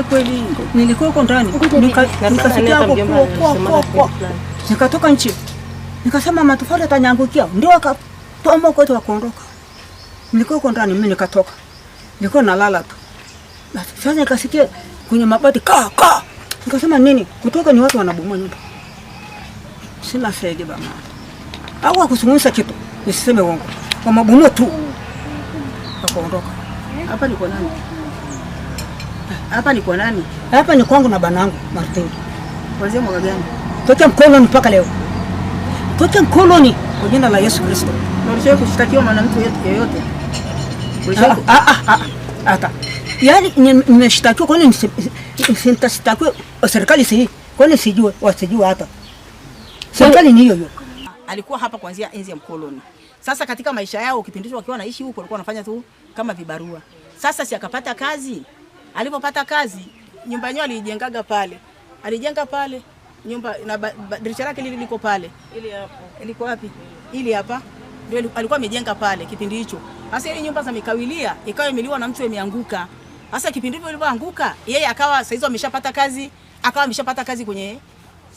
ndani kweli, nilikuwa huko ndani nikasikia nikatoka nchi, nikasema matofali atanyangukia, ndio akatomba kwetu wakaondoka. Nilikuwa huko ndani mimi, nikatoka, nilikuwa nalala tu. Sasa nikasikia kwenye mabati ka ka, nikasema nini, kutoka ni watu wanabomoa nyumba. Sina saidi bana, au akusungumisa kitu, nisiseme uongo, wamabomoa tu, wakaondoka. Hapa niko nani? hapa. ni kwa nani? Hapa ni kwangu na bwanangu Martin. Kuanzia mwaka gani? Toka mkoloni mpaka leo. Toka mkoloni kwa jina la Yesu Kristo. Na ulishawahi kushtakiwa na mtu yeyote? Ah ah ah. Hata. Ah, yaani nimeshtakiwa kwa nini nisishtakiwe serikali sisi? Kwa nini sijue? Wasijue hata. Serikali ni hiyo hiyo. Alikuwa hapa kuanzia enzi ya mkoloni. Sasa katika maisha yao kipindi hicho wakiwa wanaishi huko walikuwa wanafanya tu kama vibarua. Sasa si akapata kazi Alipopata kazi nyumba yenyewe alijengaga pale, alijenga pale nyumba na dirisha lake lile liko pale, ili hapo liko wapi? Ili hapa ndio alikuwa amejenga pale kipindi hicho. Sasa ile nyumba za mikawilia ikawa imeliwa na mtu imeanguka. Sasa kipindi hicho ilipoanguka, yeye akawa saizi ameshapata kazi, akawa ameshapata kazi kwenye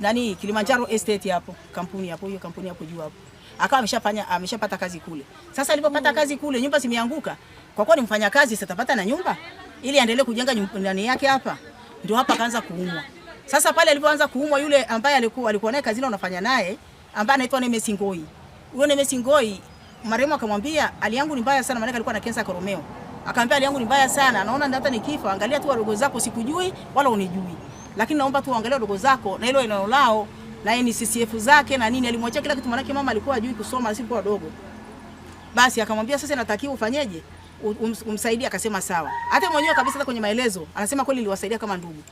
nani Kilimanjaro Estate hapo, kampuni hapo, hiyo kampuni hapo juu hapo. Akawa ameshafanya ameshapata kazi kule. Sasa alipopata mm. kazi kule, nyumba zimeanguka. Kwa kuwa ni mfanyakazi, sitapata na nyumba ili aendelee kujenga ndani yake hapa, ndio hapa kaanza kuumwa. Sasa pale alipoanza kuumwa, yule ambaye alikuwa alikuwa naye kazini anafanya naye, ambaye anaitwa Nemesi Ngoi, huyo Nemesi Ngoi marehemu akamwambia, hali yangu ni mbaya sana, maana alikuwa na kansa ya koromeo. Akamwambia, hali yangu ni mbaya sana, naona hata nikifa, angalia tu wadogo zako, sikujui wala unijui, lakini naomba tu angalia wadogo zako na ile eneo lao na ni CCF zake na nini, alimwachia kila kitu, maana mama alikuwa ajui kusoma, sikuwa wadogo. Basi akamwambia sasa, natakiwa ufanyeje? Um, um, umsaidie. Akasema sawa. Hata mwenyewe kabisa, hata kwenye maelezo anasema kweli niliwasaidia kama ndugu.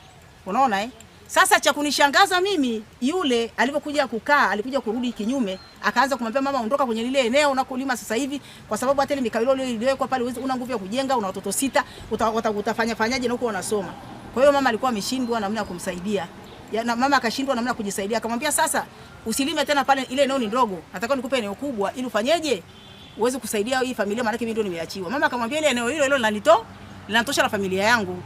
Unaona eh? Sasa cha kunishangaza mimi, yule alipokuja kukaa, alikuja kurudi kinyume, akaanza kumwambia mama, ondoka kwenye lile eneo unakolima sasa hivi, kwa sababu hata ile mikawilo ile iliyowekwa pale uweze, una nguvu ya kujenga, una watoto sita, utafanya fanyaje na huko wanasoma. Kwa hiyo mama alikuwa ameshindwa namna ya kumsaidia ya, na mama akashindwa namna ya kujisaidia, akamwambia sasa, usilime tena pale, ile eneo ni ndogo, nataka nikupe eneo kubwa ili ufanyeje uweze kusaidia hii familia, maana mimi ndio nimeachiwa. Mama akamwambia ile eneo hilo hilo linanito linatosha la familia yangu.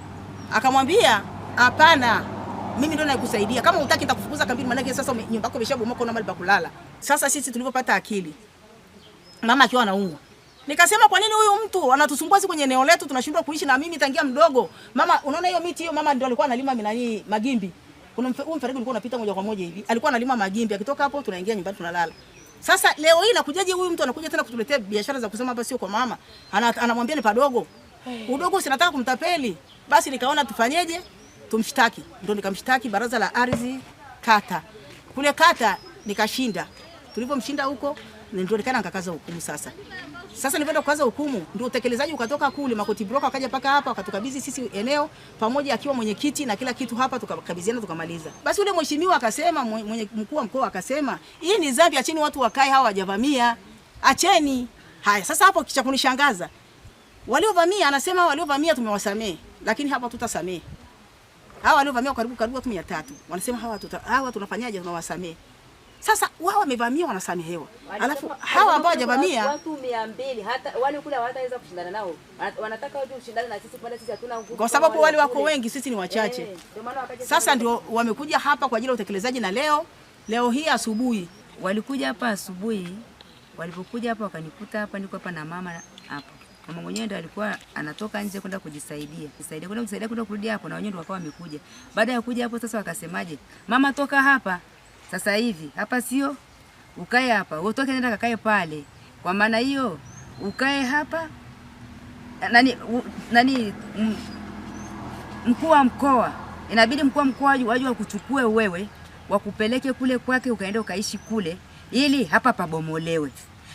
Akamwambia hapana, mimi ndio nakusaidia, kama unataka nitakufukuza kambini, maana sasa nyumba yako imeshabomoka, una mali pa kulala. Sasa sisi tulipopata akili, mama akiwa anaumwa Nikasema kwa nini huyu mtu anatusumbua sisi kwenye eneo letu tunashindwa kuishi na mimi tangia mdogo. Mama unaona hiyo miti hiyo mama ndio alikuwa analima minani magimbi. Kuna mfereji ulikuwa unapita moja kwa moja hivi. Alikuwa analima magimbi akitoka hapo tunaingia nyumbani tunalala. Sasa leo hii nakujaje, huyu mtu anakuja tena kutuletea biashara za kusema hapa sio kwa mama, anamwambia ni padogo. Eh. Udogo nataka kumtapeli, basi nikaona tufanyeje, tumshtaki. Ndio nikamshtaki baraza la ardhi kata, kule kata nikashinda. Tulipomshinda huko nilionekana nikakaza hukumu sasa. Sasa nilipenda kukaza hukumu ndio utekelezaji ukatoka kule Makoti Broker akaja paka hapa akatukabidhi sisi eneo pamoja akiwa mwenyekiti na kila kitu hapa tukakabidhiana tukamaliza. Basi yule mheshimiwa akasema mwenye mkuu wa mkoa akasema, "Hii ni zambi, acheni watu wakae hawa wajavamia. Acheni." Haya, sasa hapo kicha kunishangaza. Waliovamia anasema waliovamia tumewasamehe, lakini hapa tutasamehe. Hawa waliovamia karibu karibu watu 300. Wanasema hawa tuta, hawa tunafanyaje tunawasamehe. Sasa wao wamevamia wanasamehewa. Alafu hawa ambao hawajavamia watu 200 hata wale kule hawataweza kushindana nao. Wanataka waje ushindane na sisi pale sisi hatuna nguvu. Kwa sababu wale wako wengi, sisi ni wachache. Eh, sasa ndio wamekuja hapa kwa ajili ya utekelezaji na leo leo hii asubuhi walikuja hapa asubuhi, walipokuja hapa wakanikuta hapa niko hapa na mama hapa. Mama mwenyewe ndo alikuwa anatoka nje kwenda kujisaidia. Kujisaidia kwenda kujisaidia kwenda kurudi hapo na wenyewe ndo wakawa wamekuja. Baada ya kuja hapo sasa wakasemaje? Mama toka hapa sasa hivi hapa sio ukae hapa, utoke nenda kakae pale. Kwa maana hiyo ukae hapa nani, u, nani mkuu wa mkoa inabidi mkuu wa mkoa waje wakuchukue wewe wakupeleke kule kwake ukaenda ukaishi kule ili hapa pabomolewe.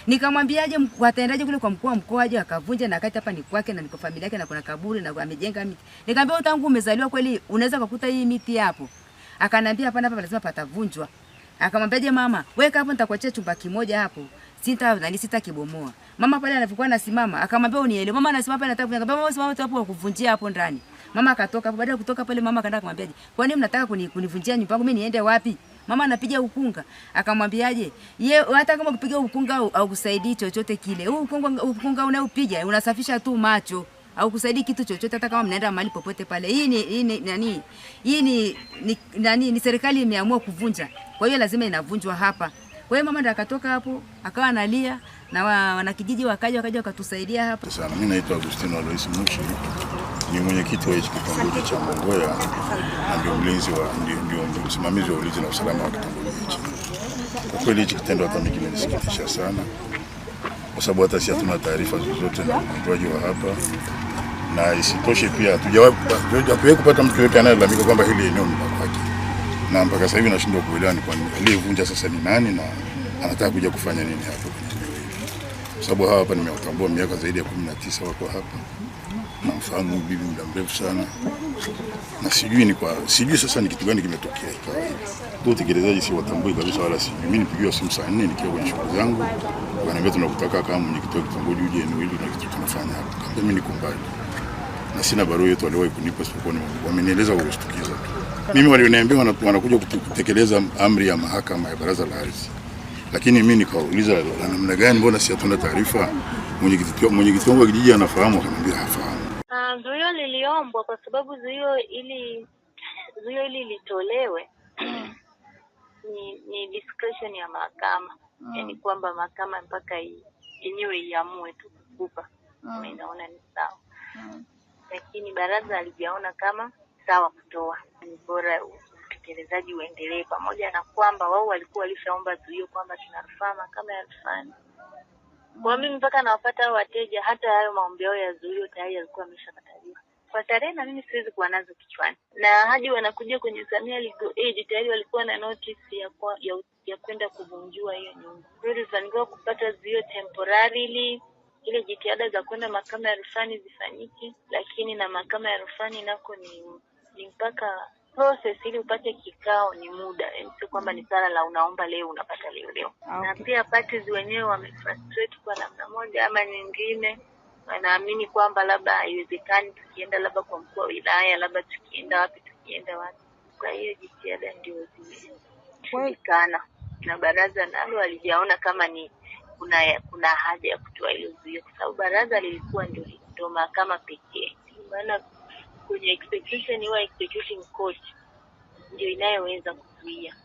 Nikamwambiaje, wataendaje kule kwa mkuu wa mkoa aje akavunja na kati hapa ni kwake na niko familia yake na kuna kaburi na amejenga miti. Nikamwambia tangu umezaliwa kweli unaweza kukuta hii miti hapo. Akanambia hapana, hapa lazima patavunjwa. Akamwambia je, mama, weka hapo, nitakuachia chumba kimoja hapo. Sita nani sita kibomoa. Mama pale anapokuwa anasimama, akamwambia unielewe. Mama anasimama pale anataka kuniambia, mama simama hapo kuvunjia hapo ndani. Mama akatoka hapo, baada ya kutoka pale mama akaenda kumwambia, "Kwa nini mnataka kunivunjia nyumba yangu? Mimi niende wapi?" Mama anapiga ukunga. Akamwambiaje, "Ye hata kama ukipiga ukunga au, kusaidii chochote kile. Huu ukunga ukunga unaopiga unasafisha tu macho." au kusaidia kitu chochote, hata kama mnaenda mahali popote pale. Hii ni hii ni nani, hii ni nani, ni serikali imeamua kuvunja, kwa hiyo lazima inavunjwa hapa. Kwa hiyo mama ndo akatoka hapo akawa analia na wanakijiji wakaja wakaja wakatusaidia hapa sana. Mimi naitwa Agustino Alois Mushi, ni mwenyekiti wa hichi kitongoji cha Mongoya na ndio mlinzi wa ndio msimamizi wa ulinzi na usalama wa kitongoji hichi. Kwa kweli hichi kitendo hata mimi kimenisikitisha sana, kwa sababu hata si hatuna taarifa zozote na mtoaji wa hapa na isitoshe pia hatujawahi kupata mtu yote anayelalamika kwamba hili eneo ni la kwake, na mpaka sasa hivi nashindwa kuelewa ni kwa nini aliyevunja sasa ni nani na anataka kuja kufanya nini hapo kwenye eneo hili, kwa sababu hawa hapa nimewatambua miaka zaidi ya kumi na tisa wako hapa, namfahamu bibi muda mrefu sana, na sijui ni kwa sijui sasa ni kitu gani kimetokea ikawa hivi. tu utekelezaji si watambui kabisa, wala sijui. Mimi nipigiwa simu saa nne nikiwa kwenye shughuli zangu, wanaambia tunakutaka kama mwenyekiti wa kitongoji uje eneo hili na kitu tunafanya hapa, mimi niko mbali na sina barua yetu waliwahi kunipa sokoni, wamenieleza kushtukiza tu. Mimi walioniambia wanakuja kutekeleza amri ya mahakama ya baraza la ardhi, lakini mimi nikauliza na namna gani, mbona si hatuna taarifa? Mwenyekiti wangu wa kijiji anafahamu, akaniambia hafahamu. Uh, zuio liliombwa kwa sababu zuio ili zuio ili litolewe hmm. ni, ni discretion ya mahakama mm. Yani kwamba mahakama mpaka yenyewe iamue tu kukupa, hmm. mimi naona ni sawa mm lakini baraza halijaona kama sawa kutoa. Ni bora utekelezaji uendelee, pamoja na kwamba wao walikuwa walishaomba zuio kwamba tuna rufaa mahakama ya rufani. Kwa mimi mpaka nawapata hao wateja, hata hayo maombi yao ya zuio tayari yalikuwa ameshakataliwa kwa tarehe, na mimi siwezi kuwa nazo kichwani, na hadi wanakuja kwenye Samia Legal Aid tayari walikuwa na notice ya kwa, ya, ya kwenda kuvunjua hiyo nyumba, nilivyofanikiwa kupata zuio temporarily ili jitihada za kwenda mahakama ya rufani zifanyike, lakini na mahakama ya rufani nako ni, ni mpaka process ili upate kikao ni muda, sio kwamba ni swala la unaomba leo unapata leo leo. Ah, okay. Na pia parties wenyewe wamefrustrate kwa namna moja ama nyingine, wanaamini kwamba labda haiwezekani, tukienda labda kwa mkuu wa wilaya, labda tukienda wapi, tukienda wapi. Kwa hiyo jitihada ndio zimeshindikana, na baraza nalo halijaona kama ni kuna kuna haja ya kutoa hilo zuio, kwa sababu baraza lilikuwa ndio ndio mahakama pekee, maana kwenye execution huwa executing court ndio inayoweza kuzuia.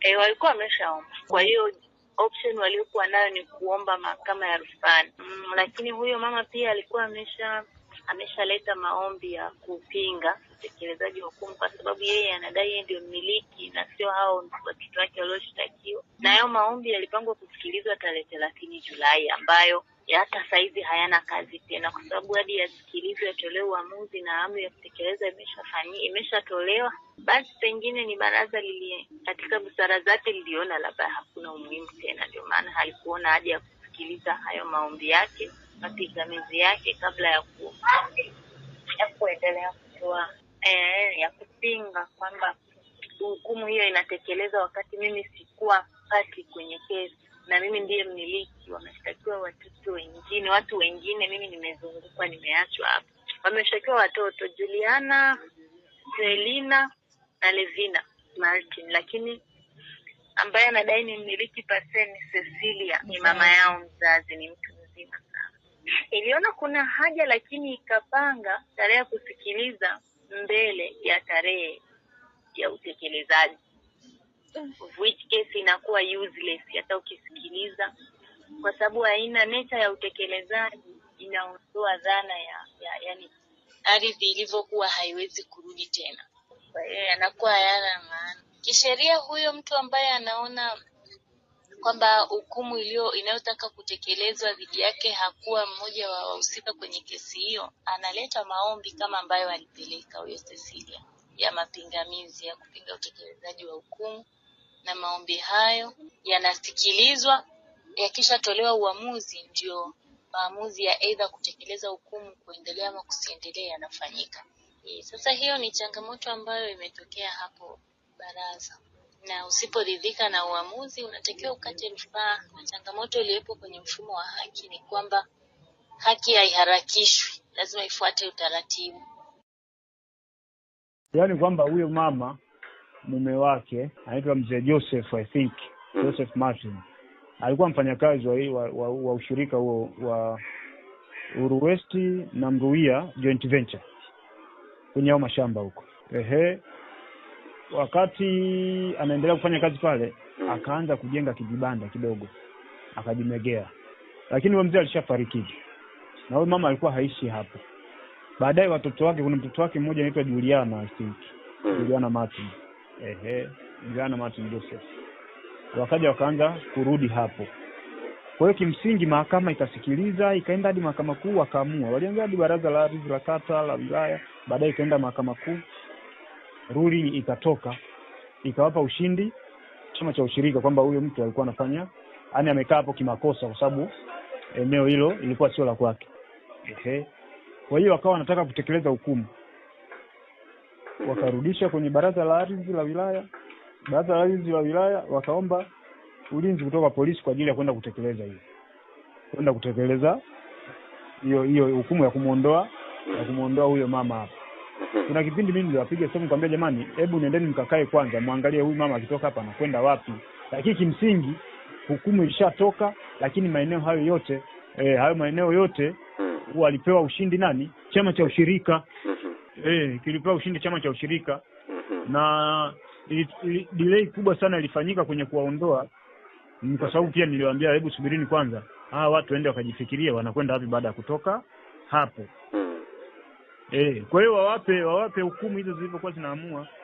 E, walikuwa wameshaomba, kwa hiyo option waliokuwa nayo ni kuomba mahakama ya rufani mm, lakini huyo mama pia alikuwa amesha ameshaleta maombi ya kupinga utekelezaji wa hukumu, kwa sababu yeye anadai yeye ndio mmiliki na sio hao watoto wake walioshtakiwa. Na hayo maombi yalipangwa kusikilizwa tarehe thelathini Julai ambayo hata saizi hayana kazi tena, kwa sababu hadi yasikilizwe, yatolewe uamuzi na amri ya kutekeleza imeshafanyia imeshatolewa, basi pengine ni baraza lilie katika busara zake liliona labda hakuna umuhimu tena, ndio maana halikuona haja ya kusikiliza hayo maombi yake mapingamizi yake kabla ya ku ya kuendelea kutoa eh, ya kupinga kwamba hukumu hiyo inatekelezwa wakati mimi sikuwa pati kwenye kesi na mimi ndiye mmiliki, wameshtakiwa watoto wengine, watu wengine, mimi nimezungukwa, nimeachwa hapa. Wameshtakiwa watoto Juliana, Selina na Levina Martin, lakini ambaye anadai ni mmiliki paseni Cecilia ni mama yao mzazi, ni mtu iliona kuna haja lakini ikapanga tarehe ya kusikiliza mbele ya tarehe ya utekelezaji, which case inakuwa useless hata ukisikiliza, kwa sababu aina necha ya utekelezaji inaondoa dhana ya, ya yani ardhi ilivyokuwa haiwezi kurudi tena, kwa hiyo yanakuwa hayana maana kisheria. Huyo mtu ambaye anaona kwamba hukumu inayotaka kutekelezwa dhidi yake hakuwa mmoja wa wahusika kwenye kesi hiyo, analeta maombi kama ambayo alipeleka huyo Cecilia ya mapingamizi ya kupinga utekelezaji wa hukumu, na maombi hayo yanasikilizwa, yakishatolewa uamuzi, ndio maamuzi ya aidha kutekeleza hukumu, kuendelea ama kusiendelea, yanafanyika. Sasa hiyo ni changamoto ambayo imetokea hapo baraza na usiporidhika na uamuzi unatakiwa ukate rufaa. Na changamoto iliyopo kwenye mfumo wa haki ni kwamba haki haiharakishwi, lazima ifuate utaratibu. Yaani kwamba huyo mama mume wake anaitwa mzee Joseph, I think Joseph Martin alikuwa mfanyakazi wa, wa, wa, wa ushirika huo wa Uruwesti na Mruia Joint Venture kwenye hao mashamba huko. Ehe, wakati anaendelea kufanya kazi pale mm. akaanza kujenga kijibanda kidogo akajimegea, lakini huyo mzee alishafariki na huyo mama alikuwa haishi hapo. Baadaye watoto wake, kuna mtoto wake mmoja anaitwa Juliana I think mm. Juliana Martin, ehe, Juliana Martin Joseph, wakaja wakaanza kurudi hapo. Kwa hiyo kimsingi mahakama ikasikiliza, ikaenda hadi mahakama kuu, wakaamua. Walianza hadi baraza la ardhi la kata la wilaya, baadaye ikaenda mahakama kuu ruling ikatoka ikawapa ushindi chama cha ushirika kwamba huyo mtu alikuwa anafanya yani amekaa hapo kimakosa kwa sababu eneo hilo ilikuwa sio la kwake ehe kwa hiyo wakawa wanataka kutekeleza hukumu wakarudisha kwenye baraza la ardhi la wilaya baraza la ardhi la wilaya wakaomba ulinzi kutoka polisi kwa ajili ya kwenda kutekeleza hiyo kwenda kutekeleza hiyo hiyo hukumu ya kumuondoa ya kumuondoa huyo mama hapa Mhm. Kuna kipindi mimi niliwapiga simu kwambia, jamani, hebu nendeni mkakae kwanza, mwangalie huyu mama akitoka hapa anakwenda wapi. Lakini kimsingi hukumu ilishatoka, lakini maeneo hayo yote e, hayo maeneo yote mhm. walipewa ushindi nani? Chama cha ushirika mhm. eh, kilipewa ushindi chama cha ushirika na ili, ili, delay kubwa sana ilifanyika kwenye kuwaondoa kwa sababu pia niliwaambia hebu subirini kwanza hawa watu waende wakajifikirie wanakwenda wapi baada ya kutoka hapo eh, kwa hiyo wawape wawape hukumu hizo zilivyokuwa zinaamua.